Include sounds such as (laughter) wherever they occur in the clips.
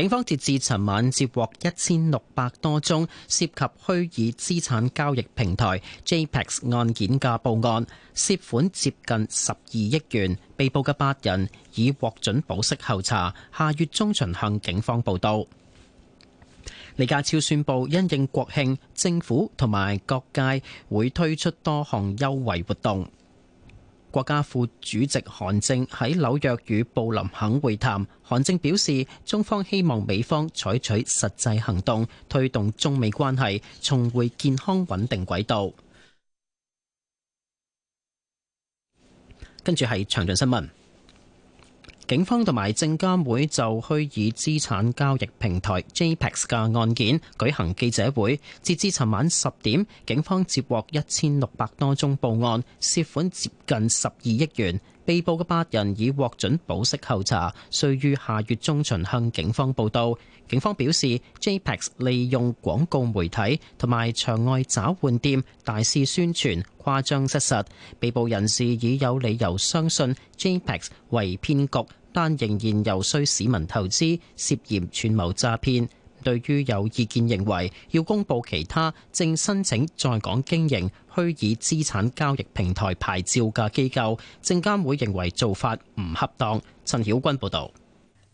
警方截至昨晚接獲一千六百多宗涉及虛擬資產交易平台 JPEX 案件嘅報案，涉款接近十二億元。被捕嘅八人已獲准保釋候查，下月中旬向警方報到。李家超宣布，因應國慶，政府同埋各界會推出多項優惠活動。國家副主席韓正喺紐約與布林肯會談，韓正表示，中方希望美方採取實際行動，推動中美關係重回健康穩定軌道。跟住係詳盡新聞。警方同埋證監會就虛擬資產交易平台 JPEX 嘅案件舉行記者會。截至尋晚十點，警方接獲一千六百多宗報案，涉款接近十二億元。被捕嘅八人已獲准保釋候查，須於下月中旬向警方報到。警方表示，JPEX 利用廣告媒體同埋場外找換店大肆宣傳，誇張失實，實。被捕人士已有理由相信 JPEX 為騙局，但仍然遊說市民投資，涉嫌串謀詐騙。對於有意見認為要公佈其他正申請在港經營虛擬資產交易平台牌照嘅機構，證監會認為做法唔恰當。陳曉君報導。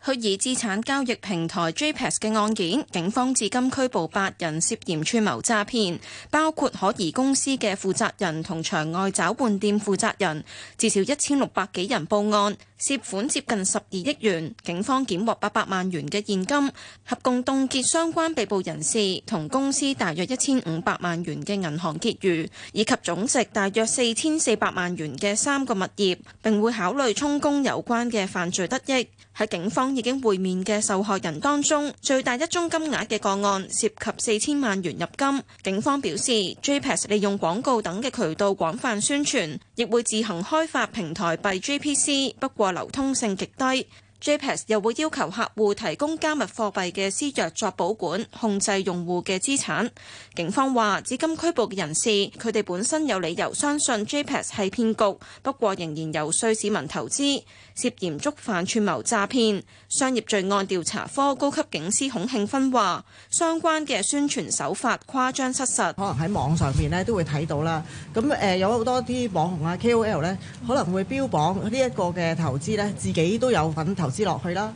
虛擬資產交易平台 JPEX 嘅案件，警方至今拘捕八人涉嫌串謀詐騙，包括可疑公司嘅負責人同場外找換店負責人，至少一千六百幾人報案。涉款接近十二億元，警方檢獲八百萬元嘅現金，合共凍結相關被捕人士同公司大約一千五百萬元嘅銀行結餘，以及總值大約四千四百萬元嘅三個物業。並會考慮充公有關嘅犯罪得益。喺警方已經會面嘅受害人當中，最大一宗金額嘅個案涉及四千萬元入金。警方表示，JPEX 利用廣告等嘅渠道廣泛宣傳，亦會自行開發平台幣 JPC。不過，流通性極低 j p e s 又會要求客戶提供加密貨幣嘅私鑰作保管，控制用戶嘅資產。警方話至今拘捕嘅人士，佢哋本身有理由相信 j p e s 係騙局，不過仍然遊說市民投資。涉嫌觸犯串謀詐騙，商業罪案調查科高級警司孔慶芬話：相關嘅宣傳手法誇張失實，可能喺網上面咧都會睇到啦。咁誒有好多啲網紅啊、KOL 呢可能會標榜呢一個嘅投資呢自己都有份投資落去啦。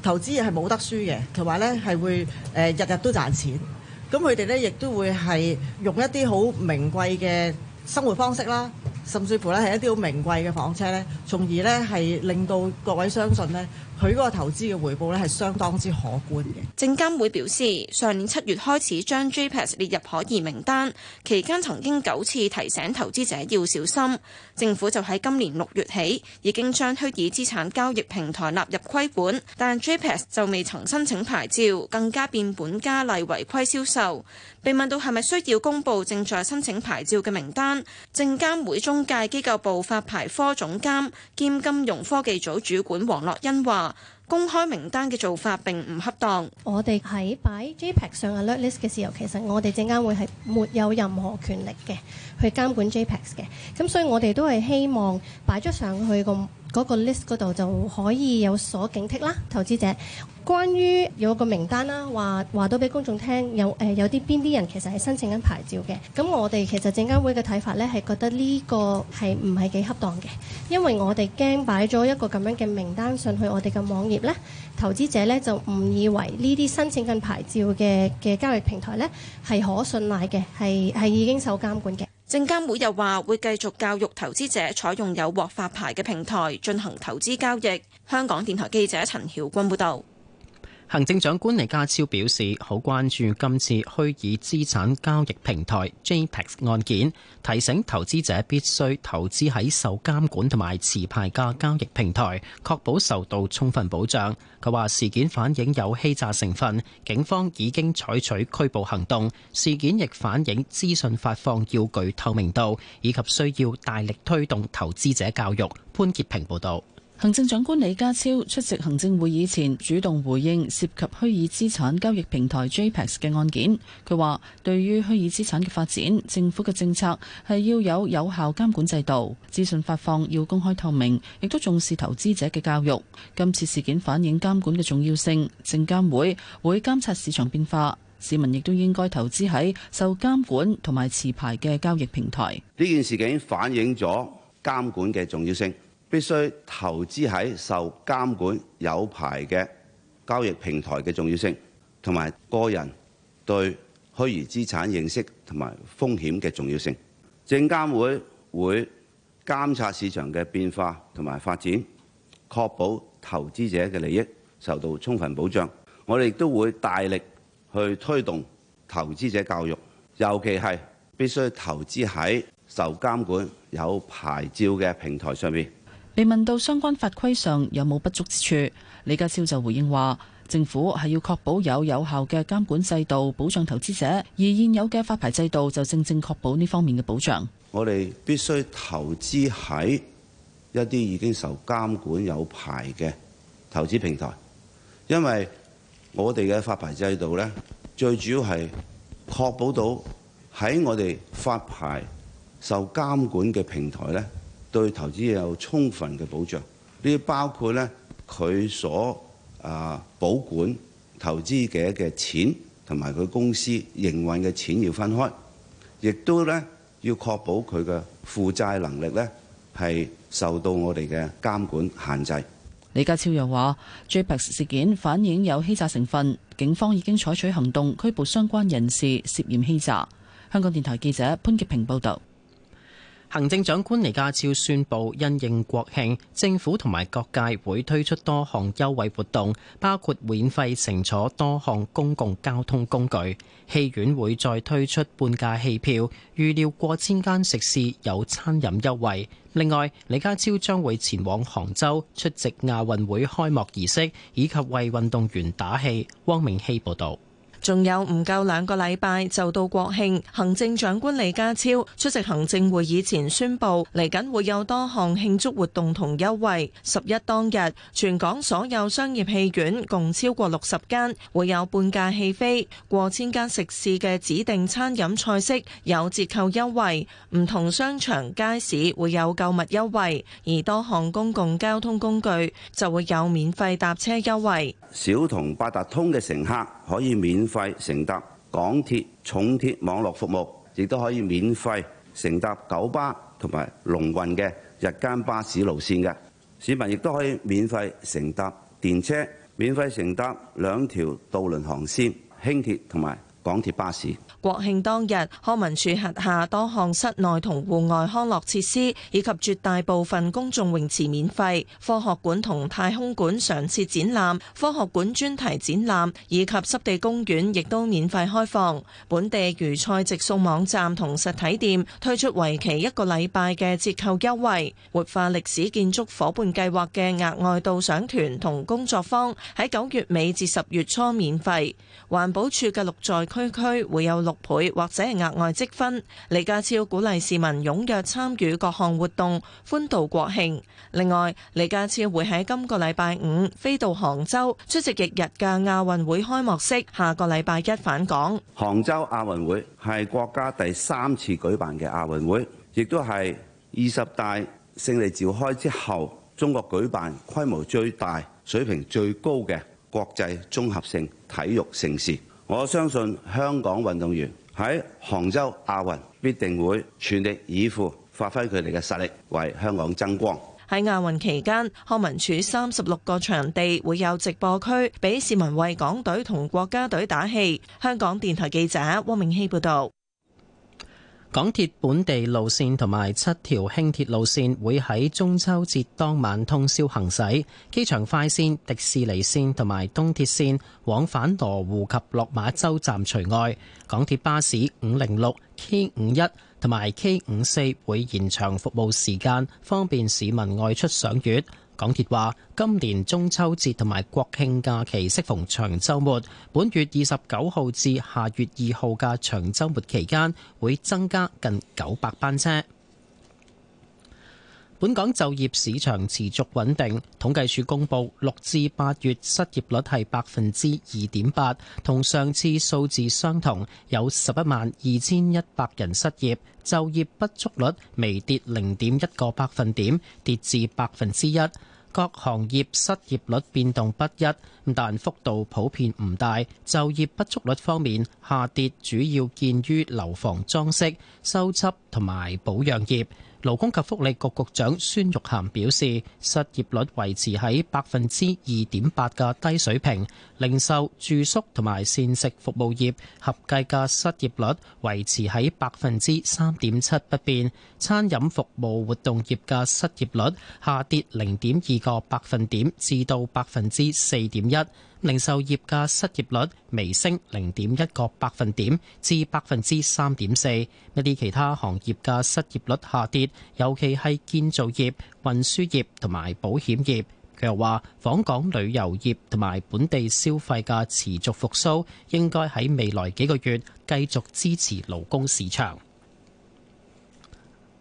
投資係冇得輸嘅，同埋呢係會誒、呃、日日都賺錢。咁佢哋呢亦都會係用一啲好名貴嘅生活方式啦。甚至乎咧係一啲好名貴嘅房車咧，從而咧係令到各位相信咧，佢嗰個投資嘅回報咧係相當之可觀嘅。證監會表示，上年七月開始將 GPS 列入可疑名單，期間曾經九次提醒投資者要小心。政府就喺今年六月起已經將虛擬資產交易平台納入規管，但 JPEX 就未曾申請牌照，更加變本加厲違規銷售。被問到係咪需要公佈正在申請牌照嘅名單，證監會中介機構部發牌科總監兼金融科技組主管黃樂欣話。公開名單嘅做法並唔恰當。我哋喺擺 JPEX 上嘅 alert list 嘅時候，其實我哋證監會係沒有任何權力嘅去監管 JPEX 嘅。咁所以我哋都係希望擺咗上去個。嗰、那個 list 嗰度就可以有所警惕啦，投資者。關於有個名單啦，話話到俾公眾聽，有誒、呃、有啲邊啲人其實係申請緊牌照嘅。咁我哋其實證監會嘅睇法咧，係覺得呢個係唔係幾恰當嘅，因為我哋驚擺咗一個咁樣嘅名單上去我哋嘅網頁咧，投資者咧就誤以為呢啲申請緊牌照嘅嘅交易平台咧係可信賴嘅，係係已經受監管嘅。證監會又話會繼續教育投資者採用有獲發牌嘅平台進行投資交易。香港電台記者陳曉君報導。行政長官李家超表示，好關注今次虛擬資產交易平台 JPEX 案件，提醒投資者必須投資喺受監管同埋持牌嘅交易平台，確保受到充分保障。佢話事件反映有欺詐成分，警方已經採取拘捕行動。事件亦反映資訊發放要具透明度，以及需要大力推動投資者教育。潘潔平報導。行政長官李家超出席行政會議前，主動回應涉及虛擬資產交易平台 JPEX 嘅案件。佢話：對於虛擬資產嘅發展，政府嘅政策係要有有效監管制度，資訊發放要公開透明，亦都重視投資者嘅教育。今次事件反映監管嘅重要性，證監會會監察市場變化，市民亦都應該投資喺受監管同埋持牌嘅交易平台。呢件事件反映咗監管嘅重要性。必須投資喺受監管有牌嘅交易平台嘅重要性，同埋個人對虛擬資產認識同埋風險嘅重要性。證監會會監察市場嘅變化同埋發展，確保投資者嘅利益受到充分保障。我哋亦都會大力去推動投資者教育，尤其係必須投資喺受監管有牌照嘅平台上面。被問到相關法規上有冇不足之處，李家超就回應話：政府係要確保有有效嘅監管制度保障投資者，而現有嘅發牌制度就正正確保呢方面嘅保障。我哋必須投資喺一啲已經受監管有牌嘅投資平台，因為我哋嘅發牌制度呢，最主要係確保到喺我哋發牌受監管嘅平台呢，對投資有充分嘅保障，呢包括咧佢所啊保管投資者嘅錢，同埋佢公司營運嘅錢要分開，亦都咧要確保佢嘅負債能力咧係受到我哋嘅監管限制。李家超又話 JPEX 事件反映有欺詐成分，警方已經採取行動拘捕相關人士涉嫌欺詐。香港電台記者潘潔平報道。行政長官李家超宣布，因應國慶，政府同埋各界會推出多項優惠活動，包括免費乘坐多項公共交通工具，戲院會再推出半價戲票，預料過千間食肆有餐飲優惠。另外，李家超將會前往杭州出席亞運會開幕儀式，以及為運動員打氣。汪明希報導。仲有唔夠兩個禮拜就到國慶，行政長官李家超出席行政會議前宣布，嚟緊會有多項慶祝活動同優惠。十一當日，全港所有商業戲院共超過六十間會有半價戲飛，過千間食肆嘅指定餐飲菜式有折扣優惠，唔同商場街市會有購物優惠，而多項公共交通工具就會有免費搭車優惠。小同八達通嘅乘客。可以免費乘搭港鐵、重鐵網絡服務，亦都可以免費乘搭九巴同埋龍運嘅日間巴士路線嘅市民，亦都可以免費乘搭電車、免費乘搭兩條渡輪航線、輕鐵同埋港鐵巴士，國慶當日，康文署轄下多項室內同戶外康樂設施，以及絕大部分公眾泳池免費。科學館同太空館常設展覽、科學館專題展覽以及濕地公園亦都免費開放。本地魚菜直送網站同實體店推出為期一個禮拜嘅折扣優惠。活化歷史建築伙伴計劃嘅額外導賞團同工作坊喺九月尾至十月初免費。環保署嘅綠在區區會有六倍或者係額外積分。李家超鼓勵市民踊躍參與各項活動，歡度國慶。另外，李家超會喺今個禮拜五飛到杭州出席翌日嘅亞運會開幕式，下個禮拜一返港。杭州亞運會係國家第三次舉辦嘅亞運會，亦都係二十大勝利召開之後，中國舉辦規模最大、水平最高嘅國際綜合性體育盛事。我相信香港運動員喺杭州亞運必定會全力以赴，發揮佢哋嘅實力，為香港爭光。喺亞運期間，康文署三十六個場地會有直播區俾市民為港隊同國家隊打氣。香港電台記者汪明熙報道。港鐵本地路線同埋七條輕鐵路線會喺中秋節當晚通宵行駛，機場快線、迪士尼線同埋東鐵線往返羅湖及落馬洲站除外。港鐵巴士506、K51 同埋 K54 會延長服務時間，方便市民外出賞月。港鐵話今年中秋節同埋國慶假期適逢長周末，本月二十九號至下月二號嘅長周末期間會增加近九百班車。本港就業市場持續穩定，統計處公布六至八月失業率係百分之二點八，同上次數字相同，有十一萬二千一百人失業，就業不足率微跌零點一個百分點，跌至百分之一。各行業失業率變動不一，但幅度普遍唔大。就業不足率方面下跌，主要見於樓房裝飾、修葺同埋保養業。勞工及福利局局長孫玉菡表示，失業率維持喺百分之二點八嘅低水平，零售、住宿同埋膳食服務業合計嘅失業率維持喺百分之三點七不變，餐飲服務活動業嘅失業率下跌零點二個百分點至到百分之四點一。零售業嘅失業率微升零點一個百分點至百分之三點四，一啲其他行業嘅失業率下跌，尤其係建造業、運輸業同埋保險業。佢又話，訪港旅遊業同埋本地消費嘅持續復甦，應該喺未來幾個月繼續支持勞工市場。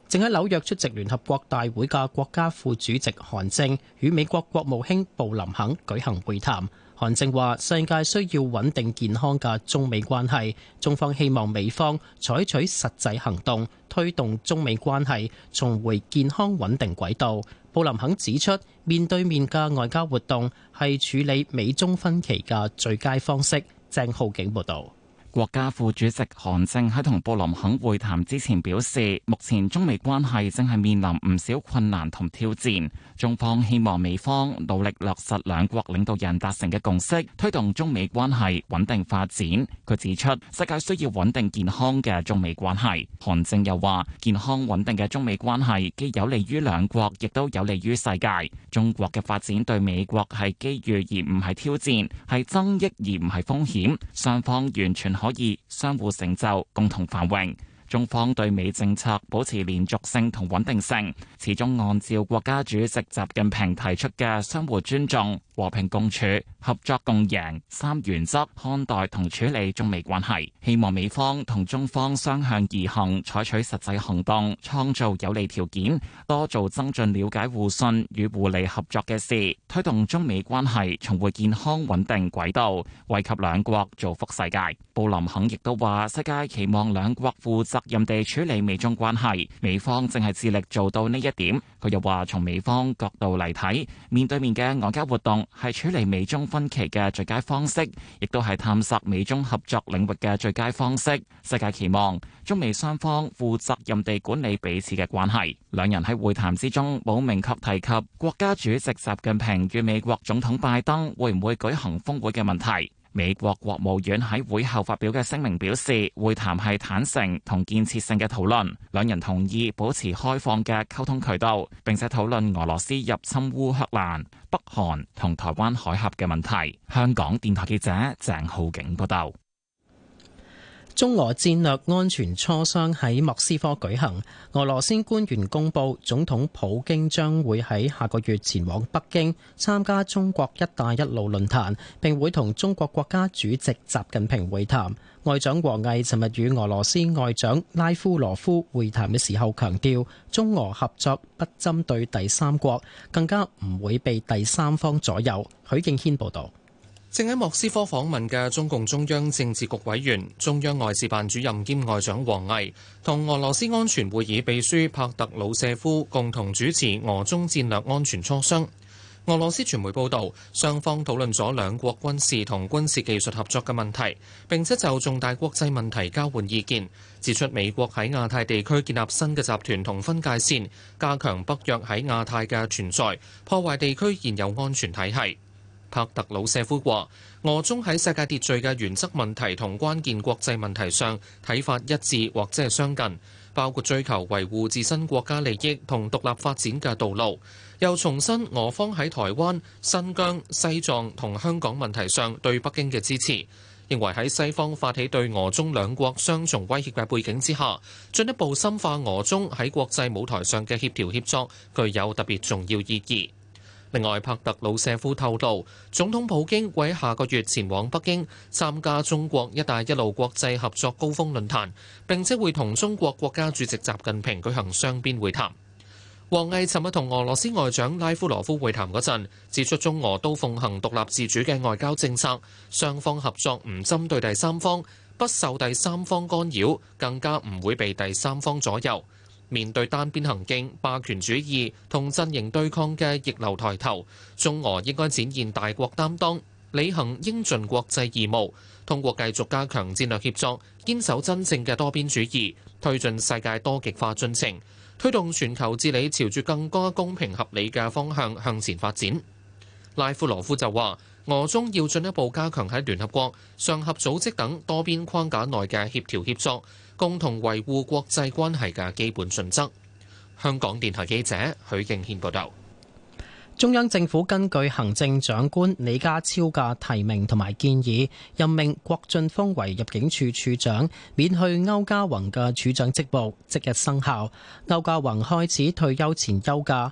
正喺紐約出席聯合國大會嘅國家副主席韓正與美國國務卿布林肯舉行會談。韓正話：世界需要穩定健康嘅中美關係，中方希望美方採取實際行動，推動中美關係重回健康穩定軌道。布林肯指出，面對面嘅外交活動係處理美中分歧嘅最佳方式。鄭浩景報道。國家副主席韓正喺同布林肯會談之前表示，目前中美關係正係面臨唔少困難同挑戰，中方希望美方努力落實兩國領導人達成嘅共識，推動中美關係穩定發展。佢指出，世界需要穩定健康嘅中美關係。韓正又話，健康穩定嘅中美關係既有利於兩國，亦都有利於世界。中國嘅發展對美國係機遇而唔係挑戰，係增益而唔係風險。雙方完全可以相互成就，共同繁榮，中方對美政策保持連續性同穩定性，始終按照國家主席習近平提出嘅相互尊重、和平共處、合作共贏三原則看待同處理中美關係，希望美方同中方相向而行，採取實際行動，創造有利條件，多做增進了解、互信與互利合作嘅事，推動中美關係重回健康穩定軌道，惠及兩國造福世界。布林肯亦都話：世界期望兩國負責任地處理美中關係，美方正係致力做到呢一點。佢又話：從美方角度嚟睇，面對面嘅外交活動，係處理美中分歧嘅最佳方式，亦都係探索美中合作領域嘅最佳方式。世界期望中美雙方負責任地管理彼此嘅關係。兩人喺會談之中冇明確提及國家主席習近平與美國總統拜登會唔會舉行峰會嘅問題。美國國務院喺會後發表嘅聲明表示，會談係坦誠同建設性嘅討論，兩人同意保持開放嘅溝通渠道，並且討論俄羅斯入侵烏克蘭、北韓同台灣海峽嘅問題。香港電台記者鄭浩景報道。中俄戰略安全磋商喺莫斯科舉行，俄羅斯官員公佈，總統普京將會喺下個月前往北京參加中國“一帶一路”論壇，並會同中國國家主席習近平會談。外長王毅尋日與俄羅斯外長拉夫羅夫會談嘅時候強調，中俄合作不針對第三國，更加唔會被第三方左右。許敬軒報導。正喺莫斯科訪問嘅中共中央政治局委員、中央外事辦主任兼外長王毅，同俄羅斯安全會議秘書帕特魯舍夫共同主持俄中戰略安全磋商。俄羅斯傳媒報道，雙方討論咗兩國軍事同軍事技術合作嘅問題，並且就重大國際問題交換意見，指出美國喺亞太地區建立新嘅集團同分界線，加強北約喺亞太嘅存在，破壞地區現有安全體系。帕特魯舍夫話：俄中喺世界秩序嘅原則問題同關鍵國際問題上睇法一致或者係相近，包括追求維護自身國家利益同獨立發展嘅道路。又重申俄方喺台灣、新疆、西藏同香港問題上對北京嘅支持，認為喺西方發起對俄中兩國雙重威脅嘅背景之下，進一步深化俄中喺國際舞台上嘅協調協作具有特別重要意義。另外，帕特魯舍夫透露，總統普京會喺下個月前往北京參加中國“一帶一路”國際合作高峰論壇，並且會同中國國家主席習近平舉行雙邊會談。王毅尋日同俄羅斯外長拉夫羅夫會談嗰陣，指出中俄都奉行獨立自主嘅外交政策，雙方合作唔針對第三方，不受第三方干擾，更加唔會被第三方左右。面對單邊行徑、霸權主義同陣營對抗嘅逆流抬頭，中俄應該展現大國擔當，履行應盡國際義務，通過繼續加強戰略協作，堅守真正嘅多邊主義，推進世界多極化進程，推動全球治理朝住更加公平合理嘅方向向前發展。拉夫羅夫就話：俄中要進一步加強喺聯合國、上合組織等多邊框架內嘅協調協作。共同維護國際關係嘅基本準則。香港電台記者許敬軒報道，中央政府根據行政長官李家超嘅提名同埋建議，任命郭俊峰為入境處處長，免去歐家宏嘅處長職務，即日生效。歐家宏開始退休前休假。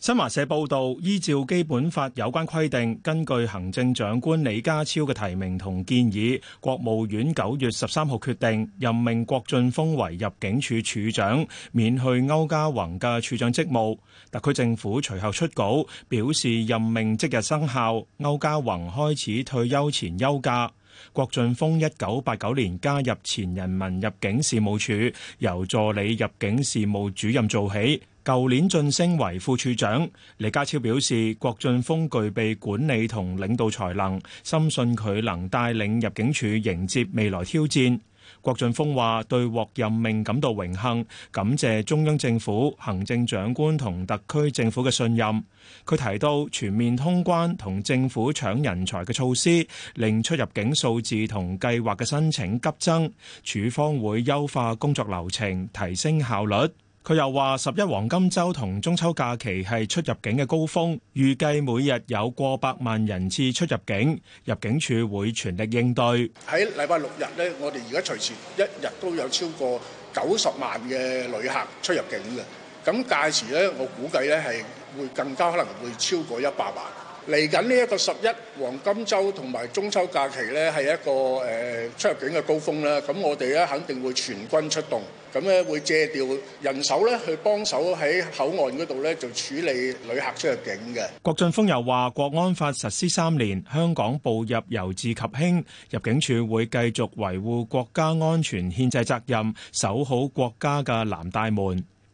新華社報道，依照基本法有關規定，根據行政長官李家超嘅提名同建議，國務院九月十三號決定任命郭俊峰為入境處處長，免去歐家宏嘅處長職務。特區政府隨後出稿表示，任命即日生效，歐家宏開始退休前休假。郭俊峰一九八九年加入前人民入境事務處，由助理入境事務主任做起。舊年晉升為副處長。李家超表示郭俊峰具備管理同領導才能，深信佢能帶領入境處迎接未來挑戰。郭俊峰話對獲任命感到榮幸，感謝中央政府、行政長官同特區政府嘅信任。佢提到全面通關同政府搶人才嘅措施，令出入境數字同計劃嘅申請急增，處方會優化工作流程，提升效率。佢又話：十一黃金週同中秋假期係出入境嘅高峰，預計每日有過百萬人次出入境，入境處會全力應對。喺禮拜六日咧，我哋而家隨時一日都有超過九十萬嘅旅客出入境嘅，咁屆時咧，我估計咧係會更加可能會超過一百萬。嚟緊呢一個十一黃金週同埋中秋假期呢，係一個誒出入境嘅高峰啦。咁我哋呢，肯定會全軍出動，咁咧會借調人手呢，去幫手喺口岸嗰度呢，就處理旅客出入境嘅。郭俊峰又話，國安法實施三年，香港步入由治及興，入境處會繼續維護國家安全憲制責任，守好國家嘅南大門。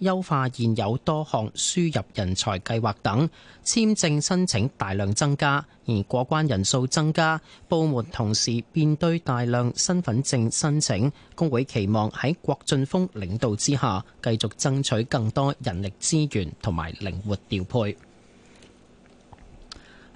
優化現有多項輸入人才計劃等簽證申請大量增加，而過關人數增加，部門同時面對大量身份證申請。工會期望喺郭俊峰領導之下，繼續爭取更多人力資源同埋靈活調配。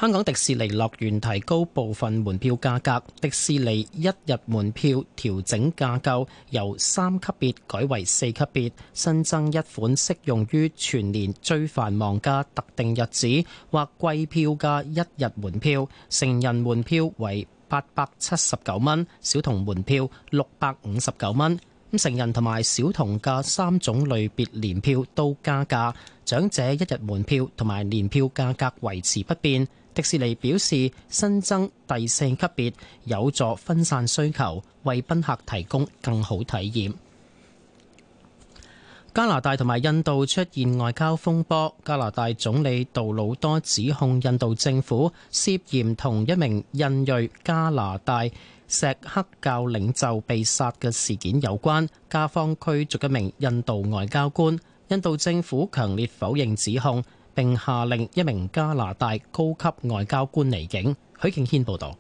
香港迪士尼樂園提高部分門票價格，迪士尼一日門票調整架構，由三級別改為四級別，新增一款適用於全年最繁忙嘅特定日子或貴票價一日門票。成人門票為八百七十九蚊，小童門票六百五十九蚊。咁成人同埋小童嘅三種類別年票都加價，長者一日門票同埋年票價格維持不變。.迪士尼表示，新增第四級別有助分散需求，為賓客提供更好體驗。加拿大同埋印度出現外交風波，加拿大總理杜魯多指控印度政府涉嫌同一名印裔加拿大錫克教領袖被殺嘅事件有關，加方驅逐一名印度外交官。印度政府強烈否認指控。並下令一名加拿大高級外交官離境。許敬軒報道，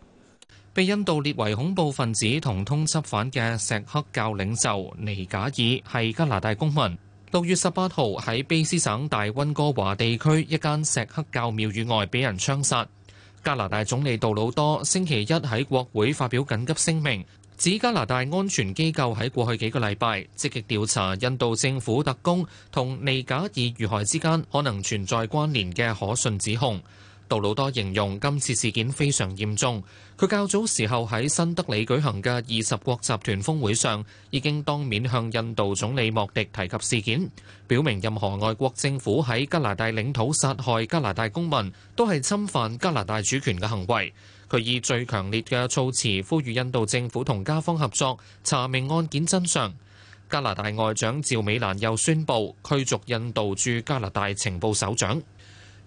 被印度列為恐怖分子同通緝犯嘅錫克教領袖尼賈爾係加拿大公民。六月十八號喺卑詩省大温哥華地區一間錫克教廟宇外俾人槍殺。加拿大總理杜魯多星期一喺國會發表緊急聲明。指加拿大安全機構喺過去幾個禮拜積極調查印度政府特工同尼賈爾遇害之間可能存在關聯嘅可信指控。杜魯多形容今次事件非常嚴重。佢較早時候喺新德里舉行嘅二十國集團峰會上，已經當面向印度總理莫迪提及事件，表明任何外國政府喺加拿大領土殺害加拿大公民都係侵犯加拿大主權嘅行為。佢以最強烈嘅措辭呼籲印度政府同加方合作，查明案件真相。加拿大外長趙美蘭又宣布驅逐印度駐加拿大情報首長。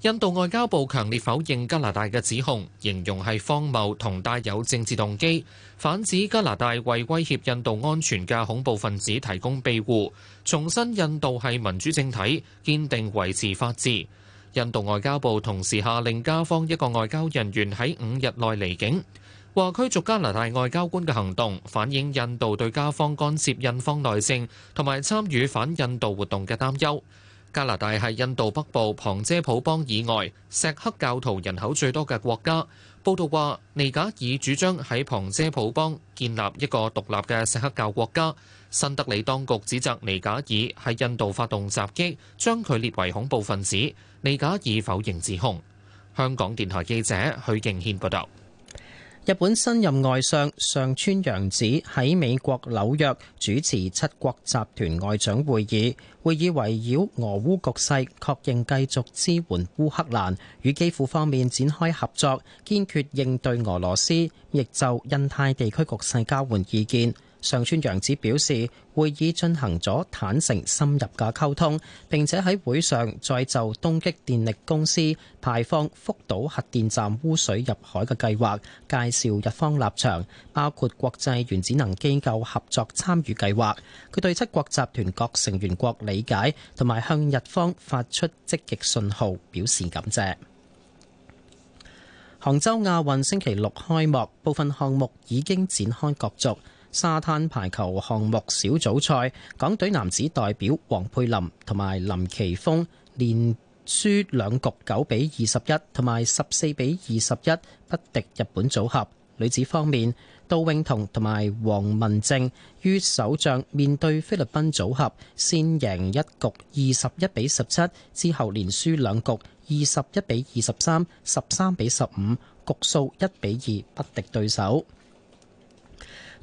印度外交部強烈否認加拿大嘅指控，形容係荒謬同帶有政治動機，反指加拿大為威脅印度安全嘅恐怖分子提供庇護，重申印度係民主政體，堅定維持法治。印度外交部同時下令加方一個外交人員喺五日內離境，話驅逐加拿大外交官嘅行動反映印度對加方干涉印方內政同埋參與反印度活動嘅擔憂。加拿大係印度北部旁遮普邦以外，錫克教徒人口最多嘅國家。報道話，尼賈爾主張喺旁遮普邦建立一個獨立嘅錫克教國家。新德里當局指責尼賈爾喺印度發動襲擊，將佢列為恐怖分子。尼賈爾否認指控。香港電台記者許敬軒報道。日本新任外相上川陽子喺美國紐約主持七國集團外長會議，會議圍繞俄烏局勢，確認繼續支援烏克蘭，與基輔方面展開合作，堅決應對俄羅斯，亦就印太地區局勢交換意見。上川陽子表示，會議進行咗坦誠深入嘅溝通，並且喺會上再就東京電力公司排放福島核電站污水入海嘅計劃介紹日方立場，包括國際原子能機構合作參與計劃。佢對七國集團各成員國理解同埋向日方發出積極信號表示感謝。杭州亞運星期六開幕，部分項目已經展開角逐。沙灘排球項目小組賽，港隊男子代表黃佩林同埋林奇峰連輸兩局，九比二十一同埋十四比二十一不敵日本組合。女子方面，杜永彤同埋黃文靜於首仗面對菲律賓組合，先贏一局二十一比十七，之後連輸兩局二十一比二十三、十三比十五，局數一比二不敵對手。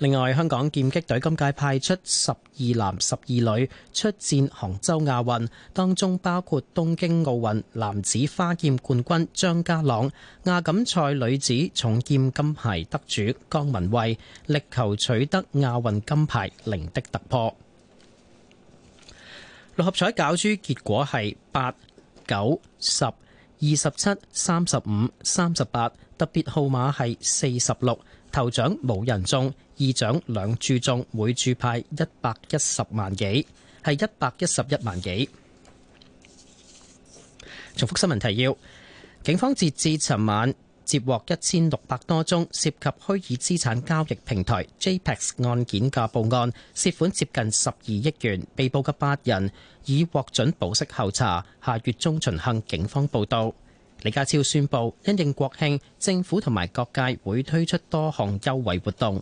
另外，香港劍擊隊今屆派出十二男十二女出戰杭州亞運，當中包括東京奧運男子花劍冠軍張家朗、亞錦賽女子重劍金牌得主江文慧，力求取得亞運金牌零的突破。六合彩攪珠結果係八九十二十七三十五三十八，特別號碼係四十六。頭獎冇人中，二獎兩注中，每注派一百一十萬幾，係一百一十一萬幾。重複新聞提要：警方截至尋晚接獲一千六百多宗涉及虛擬資產交易平台 JPEX 案件嘅報案，涉款接近十二億元，被捕嘅八人已獲准保釋候查，下月中旬向警方報到。李家超宣布，因應國慶，政府同埋各界會推出多項優惠活動。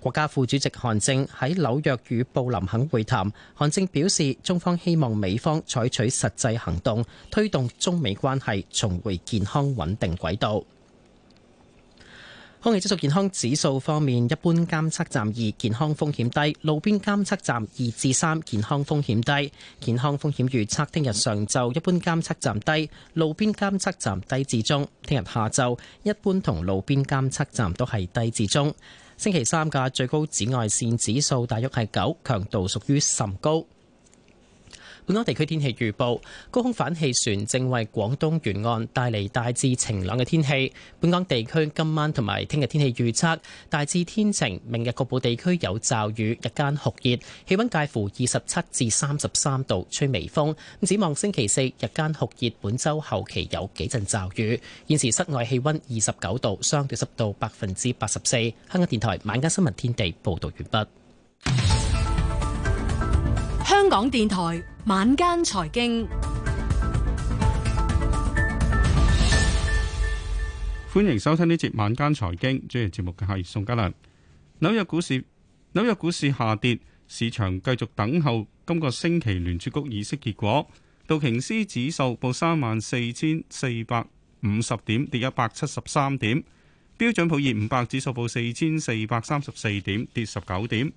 國家副主席韓正喺紐約與布林肯會談，韓正表示，中方希望美方採取實際行動，推動中美關係重回健康穩定軌道。空氣質素健康指數方面，一般監測站二，健康風險低；路邊監測站二至三，健康風險低。健康風險預測聽日上晝一般監測站低，路邊監測站低至中；聽日下晝一般同路邊監測站都係低至中。星期三嘅最高紫外線指數大約係九，強度屬於甚高。本港地區天氣預報，高空反氣旋正為廣東沿岸帶嚟大致晴朗嘅天氣。本港地區今晚同埋聽日天氣預測，大致天晴，明日局部地區有驟雨，日間酷熱，氣溫介乎二十七至三十三度，吹微風。咁展望星期四日間酷熱，本周後期有幾陣驟雨。現時室外氣溫二十九度，相對濕度百分之八十四。香港電台晚間新聞天地報道完畢。港電台晚間財經，歡迎收聽呢節晚間財經。主持節目嘅係宋家良。紐約股市，紐約股市下跌，市場繼續等候今個星期聯儲局議息結果。道瓊斯指數報三萬四千四百五十點，跌一百七十三點。標準普爾五百指數報四千四百三十四點，跌十九點。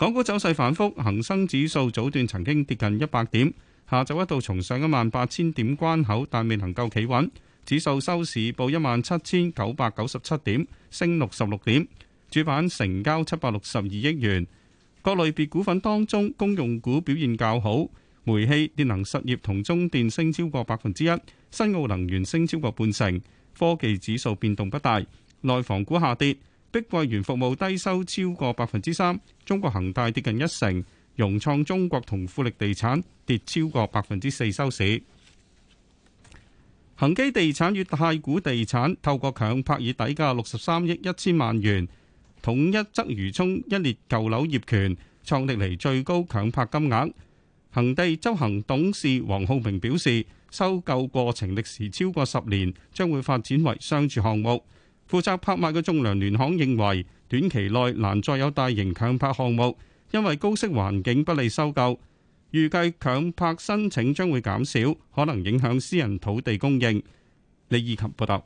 港股走勢反覆，恒生指數早段曾經跌近一百點，下晝一度重上一萬八千點關口，但未能夠企穩。指數收市報一萬七千九百九十七點，升六十六點，主板成交七百六十二億元。各類別股份當中，公用股表現較好，煤氣、電能實業同中電升超過百分之一，新奧能源升超過半成，科技指數變動不大，內房股下跌。碧桂園服務低收超過百分之三，中國恒大跌近一成，融創中國同富力地產跌超過百分之四收市。恒基地產與太古地產透過強拍以底價六十三億一千萬元統一鰂魚涌一列舊樓業權，創歷來最高強拍金額。恒地執行董事黃浩明表示，收購過程歷時超過十年，將會發展為商住項目。負責拍賣嘅仲量聯行認為，短期內難再有大型強拍項目，因為高息環境不利收購。預計強拍申請將會減少，可能影響私人土地供應。李意及報道。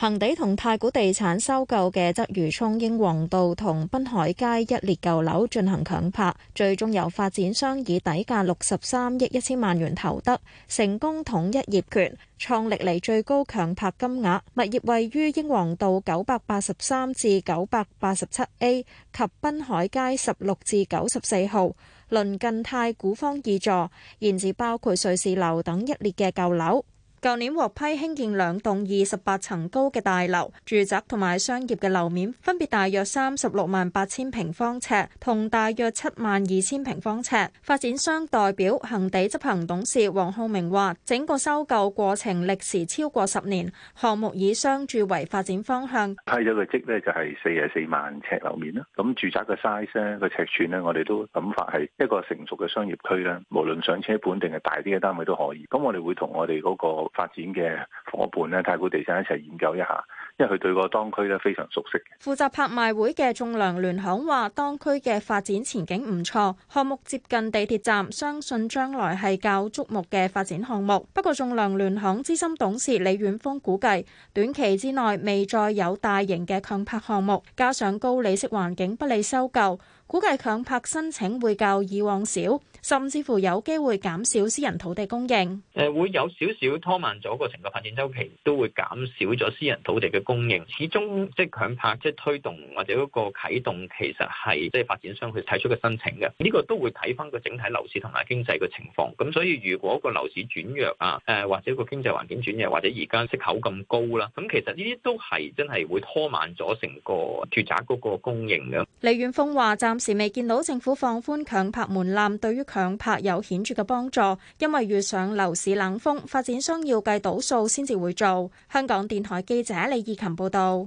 恒地同太古地產收購嘅鰂魚涌英皇道同濱海街一列舊樓進行強拍，最終由發展商以底價六十三億一千萬元投得，成功統一業權，創歷嚟最高強拍金額。物業位於英皇道九百八十三至九百八十七 A 及濱海街十六至九十四號，鄰近太古坊二座，現時包括瑞士樓等一列嘅舊樓。舊年獲批興建兩棟二十八層高嘅大樓，住宅同埋商業嘅樓面分別大約三十六萬八千平方尺同大約七萬二千平方尺。發展商代表恒地執行董事黃浩明話：整個收購過程歷時超過十年，項目以商住為發展方向。批咗嘅積呢就係四十四萬尺樓面啦，咁住宅嘅 size 呢個尺寸呢，我哋都諗法係一個成熟嘅商業區啦，無論上車本定係大啲嘅單位都可以。咁我哋會同我哋嗰個。發展嘅伙伴呢，太古地產一齊研究一下，因為佢對個當區呢非常熟悉。負責拍賣會嘅仲量聯行話，當區嘅發展前景唔錯，項目接近地鐵站，相信將來係較矚目嘅發展項目。不過，仲量聯行資深董事李遠峰估計，短期之內未再有大型嘅強拍項目，加上高利息環境不利收購，估計強拍申請會較以往少。甚至乎有機會減少私人土地供應，誒會有少少拖慢咗個成個發展週期，都會減少咗私人土地嘅供應，始終即係強拍，即係推動或者嗰個啟動其實係即係發展商去提出嘅申請嘅。呢個都會睇翻個整體樓市同埋經濟嘅情況，咁所以如果個樓市轉弱啊，誒或者個經濟環境轉弱，或者而家息口咁高啦，咁其實呢啲都係真係會拖慢咗成個住宅嗰個供應嘅。李遠峰話暫時未見到政府放寬強拍門檻，對於。強拍有顯著嘅幫助，因為遇上樓市冷風，發展商要計到數先至會做。香港電台記者李義琴報道。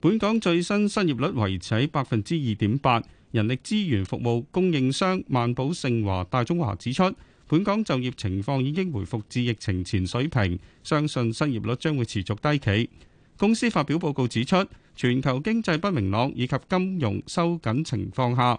本港最新失業率維持喺百分之二點八。人力資源服務供應商萬寶盛華大中華指出，本港就業情況已經回復至疫情前水平，相信失業率將會持續低企。公司發表報告指出，全球經濟不明朗以及金融收緊情況下，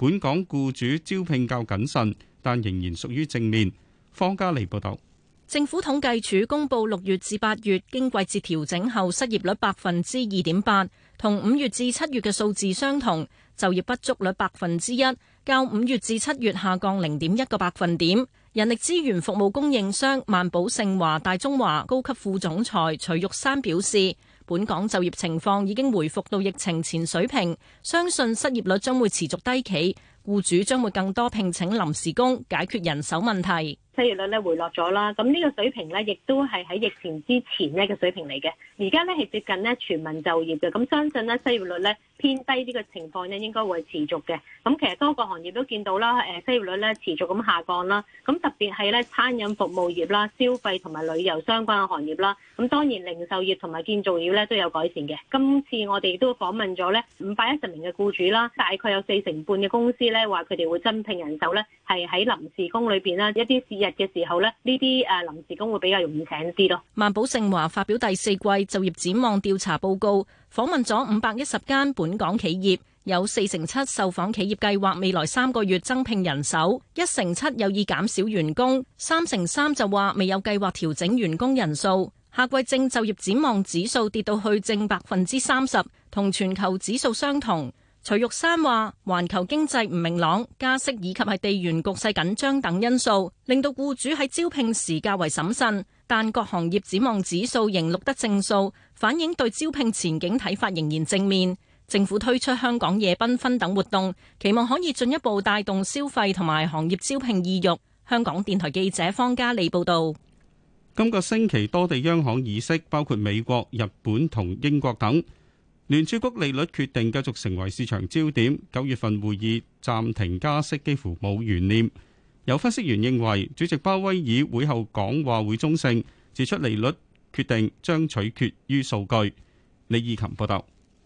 本港僱主招聘較謹慎，但仍然屬於正面。方家利報道。政府統計處公布六月至八月經季節調整後失業率百分之二點八，同五月至七月嘅數字相同；就業不足率百分之一，較五月至七月下降零點一個百分點。人力資源服務供應商萬寶盛華大中華高級副總裁徐玉山表示，本港就業情況已經回復到疫情前水平，相信失業率將會持續低企，僱主將會更多聘請臨時工解決人手問題。失業率咧回落咗啦，咁呢個水平咧亦都係喺疫情之前呢嘅水平嚟嘅，而家咧係接近咧全民就業嘅，咁相信咧失業率咧偏低啲嘅情況咧應該會持續嘅，咁其實多個行業都見到啦，誒失業率咧持續咁下降啦，咁特別係咧餐飲服務業啦、消費同埋旅遊相關嘅行業啦，咁當然零售業同埋建造業咧都有改善嘅。今次我哋都訪問咗咧五百一十名嘅僱主啦，大概有四成半嘅公司咧話佢哋會增聘人手咧，係喺臨時工裏邊啦，一啲事。日嘅時候呢，呢啲誒臨時工會比較容易請啲咯。萬寶盛華發表第四季就業展望調查報告，訪問咗五百一十間本港企業，有四成七受訪企業計劃未來三個月增聘人手，一成七有意減少員工，三成三就話未有計劃調整員工人數。下季正就業展望指數跌到去正百分之三十，同全球指數相同。徐玉山話：環球經濟唔明朗，加息以及係地緣局勢緊張等因素，令到僱主喺招聘時較為審慎。但各行業展望指數仍錄得正數，反映對招聘前景睇法，仍然正面。政府推出香港夜繽紛等活動，期望可以進一步帶動消費同埋行業招聘意慾。香港電台記者方嘉利報道。今個星期多地央行議息，包括美國、日本同英國等。聯儲局利率決定繼續成為市場焦點，九月份會議暫停加息幾乎冇懸念。有分析員認為，主席鮑威爾會後講話會中性，指出利率決定將取決於數據。李義琴報道。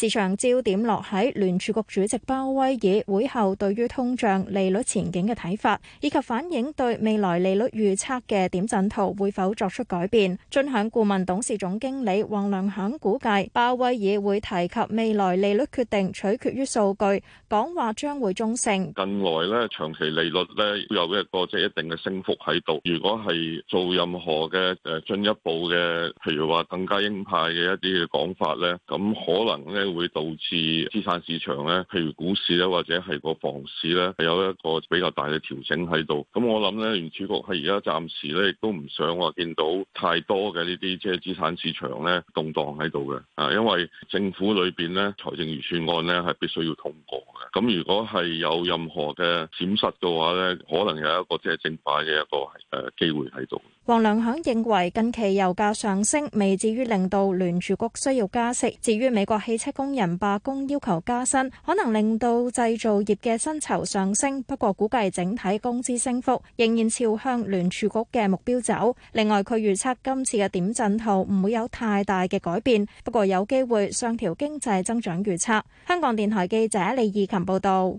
市場焦點落喺聯儲局主席鮑威爾會後對於通脹、利率前景嘅睇法，以及反映對未來利率預測嘅點陣圖會否作出改變。尊享顧問董事總經理黃良肯估計，鮑威爾會提及未來利率決定取決於數據，講話將會中性。近來咧，長期利率咧有一個即係一定嘅升幅喺度。如果係做任何嘅誒進一步嘅，譬如話更加鷹派嘅一啲嘅講法咧，咁可能咧。會導致資產市場咧，譬如股市咧，或者係個房市咧，係有一個比較大嘅調整喺度。咁我諗咧，聯儲局係而家暫時咧，亦都唔想話見到太多嘅呢啲即係資產市場咧動蕩喺度嘅。啊，因為政府裏邊咧財政預算案咧係必須要通過嘅。咁如果係有任何嘅閃失嘅話咧，可能有一個即係正反嘅一個誒機會喺度。黃良響認為，近期油價上升未至於令到聯儲局需要加息。至於美國汽車工人罷工要求加薪，可能令到製造業嘅薪酬上升。不過估計整體工資升幅仍然朝向聯儲局嘅目標走。另外，佢預測今次嘅點陣圖唔會有太大嘅改變，不過有機會上調經濟增長預測。香港電台記者李義琴報道。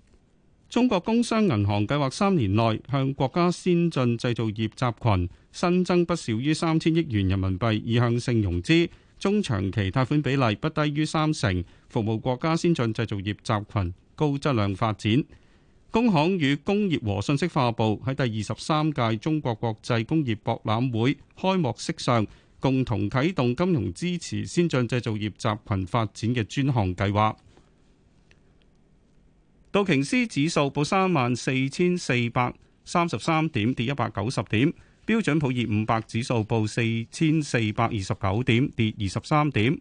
中國工商銀行計劃三年內向國家先進製造業集群。新增不少於三千億元人民幣意向性融資，中長期貸款比例不低於三成，服務國家先進製造業集群高質量發展。工行與工業和信息化部喺第二十三屆中國國際工業博覽會開幕式上，共同啟動金融支持先進製造業集群發展嘅專項計劃。道瓊斯指數報三萬四千四百三十三點，跌一百九十點。標準普爾五百指數報四千四百二十九點，跌二十三點。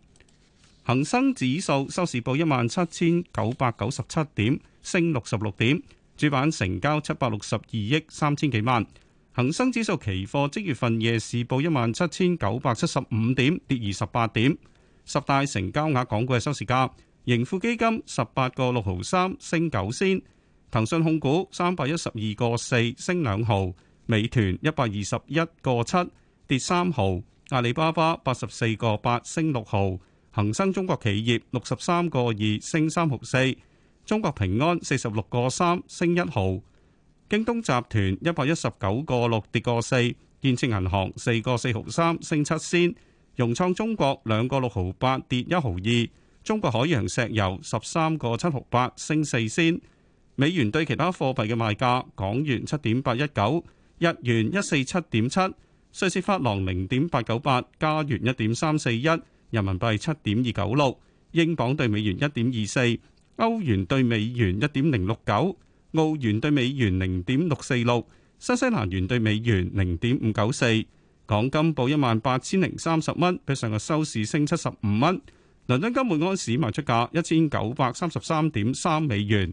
恒生指數收市報一萬七千九百九十七點，升六十六點。主板成交七百六十二億三千幾萬。恒生指數期貨即月份夜市報一萬七千九百七十五點，跌二十八點。十大成交額港股嘅收市價：盈富基金十八個六毫三，升九仙；騰訊控股三百一十二個四，升兩毫。美團一百二十一個七跌三毫，阿里巴巴八十四個八升六毫，恒生中國企業六十三個二升三毫四，中國平安四十六個三升一毫，京東集團一百一十九個六跌個四，建設銀行四個四毫三升七仙，融創中國兩個六毫八跌一毫二，中國海洋石油十三個七毫八升四仙，美元兌其他貨幣嘅賣價，港元七點八一九。日元一四七點七，瑞士法郎零點八九八，加元一點三四一，人民幣七點二九六，英鎊對美元一點二四，歐元對美元一點零六九，澳元對美元零點六四六，新西蘭元對美元零點五九四。港金報一萬八千零三十蚊，比上日收市升七十五蚊。倫敦金每安士賣出價一千九百三十三點三美元。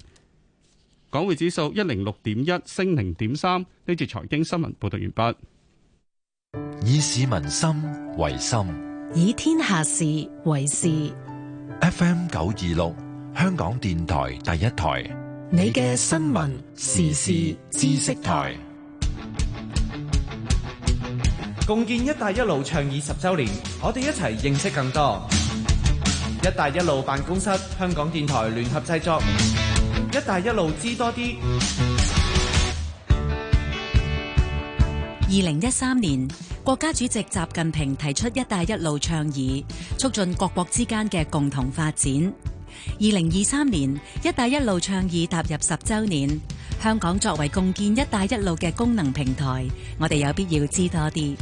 港匯指數一零六點一升零點三，呢節財經新聞報道完畢。以市民心為心，以天下事為事。FM 九二六香港電台第一台，你嘅新聞時事知識台，共建一帶一路倡議十周年，我哋一齊認識更多。一帶一路辦公室，香港電台聯合製作。一帶一路知多啲。二零一三年，國家主席習近平提出“一帶一路”倡議，促進各國之間嘅共同發展。二零二三年，“一帶一路”倡議踏入十周年，香港作為共建“一帶一路”嘅功能平台，我哋有必要知多啲。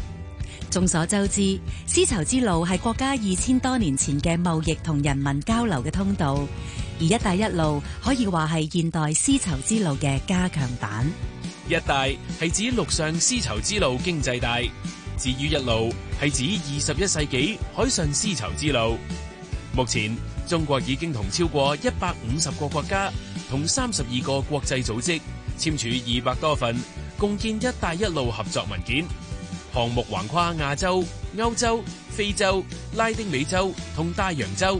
眾所周知，絲綢之路係國家二千多年前嘅貿易同人民交流嘅通道。而“一帶一路”可以話係現代絲綢之路嘅加強版。一帶係指陸上絲綢之路經濟帶，至於一路係指二十一世紀海上絲綢之路。目前，中國已經同超過一百五十個國家同三十二個國際組織簽署二百多份共建“一帶一路”合作文件，項目橫跨亞洲、歐洲、非洲、拉丁美洲同大洋洲。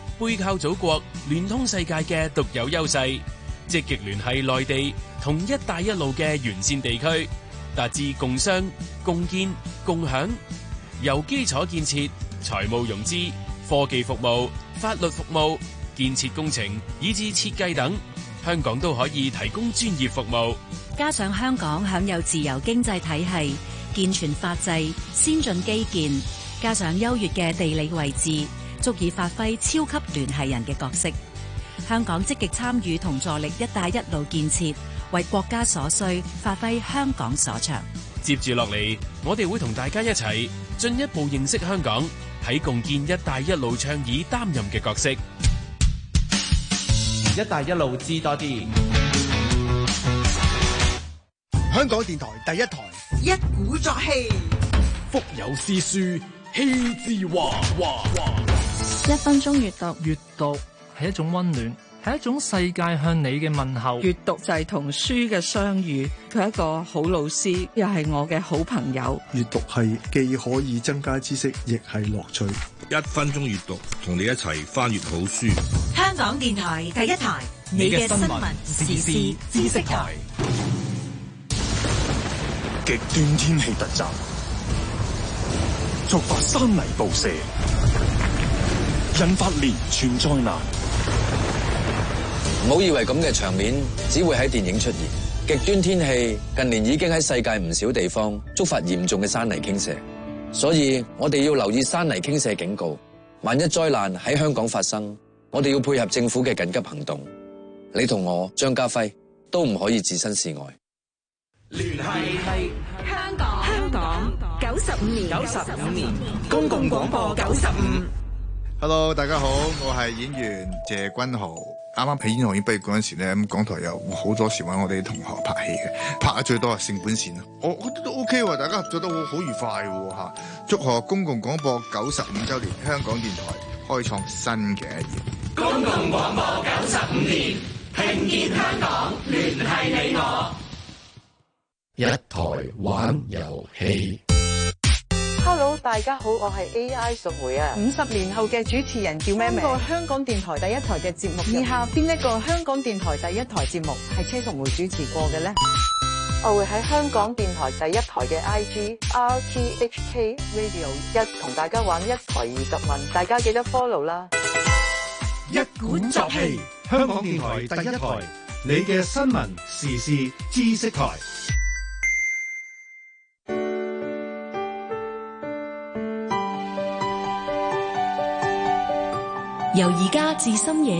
背靠祖國、聯通世界嘅獨有優勢，積極聯繫內地同“一帶一路”嘅沿線地區，達至共商、共建、共享。由基礎建設、財務融資、科技服務、法律服務、建設工程以至設計等，香港都可以提供專業服務。加上香港享有自由經濟體系、健全法制、先進基建，加上優越嘅地理位置。足以發揮超級聯繫人嘅角色。香港積極參與同助力“一帶一路”建設，為國家所需發揮香港所長。接住落嚟，我哋會同大家一齊進一步認識香港喺共建一一“一帶一路”倡議擔任嘅角色。“一帶一路”知多啲。香港電台第一台，一鼓作氣。腹有詩書氣自華，華，華。一分鐘閱讀，閱讀係一種温暖，係一種世界向你嘅問候。閱讀就係同書嘅相遇，佢係一個好老師，又係我嘅好朋友。閱讀係既可以增加知識，亦係樂趣。一分鐘閱讀，同你一齊翻閱好書。香港電台第一台，你嘅新聞、時事、TV, 知識台。極端天氣突襲，觸發山泥暴射。引發連串災難，唔好以為咁嘅場面只會喺電影出現。極端天氣近年已經喺世界唔少地方觸發嚴重嘅山泥傾瀉，所以我哋要留意山泥傾瀉警告。萬一災難喺香港發生，我哋要配合政府嘅緊急行動。你同我張家輝都唔可以置身事外。聯繫係香港，香港九十五年，九十五年，年公共廣播九十五。Hello，大家好，我係演員謝君豪。啱啱喺演學院畢業嗰陣時咧，咁港台有好多時揾我哋啲同學拍戲嘅，拍得最多係性本線咯。我覺得都 OK 喎，大家合作得好好愉快吓。祝賀公共廣播九十五周年，香港電台開創新嘅一頁。公共廣播九十五年，聽見香港，聯繫你我。一台玩遊戲。好，大家好，我係 AI 淑梅啊。五十年後嘅主持人叫咩名？個香港電台第一台嘅節目。以下邊一個香港電台第一台節目係車淑梅主持過嘅呢？ (noise) 我會喺香港電台第一台嘅 IG RTHK Radio 一同大家玩一台二十問，大家記得 follow 啦。一管集氣，香港電台第一台，你嘅新聞時事知識台。由而家至深夜。